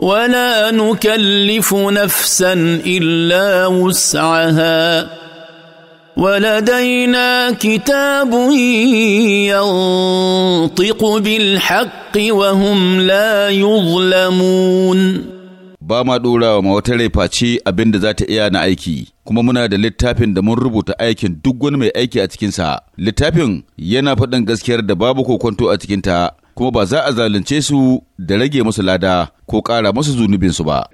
ولا نكلف نفسا الا وسعها ولدينا كتاب ينطق بالحق وهم لا يظلمون ba ma ɗorawa ma wata rai face abin da za ta iya na aiki kuma muna da littafin da mun rubuta aikin duk wani mai aiki a cikinsa littafin yana faɗin gaskiyar da babu kokonto a cikinta kuma ba za a zalunce su da rage musu lada ko ƙara musu zunubinsu ba.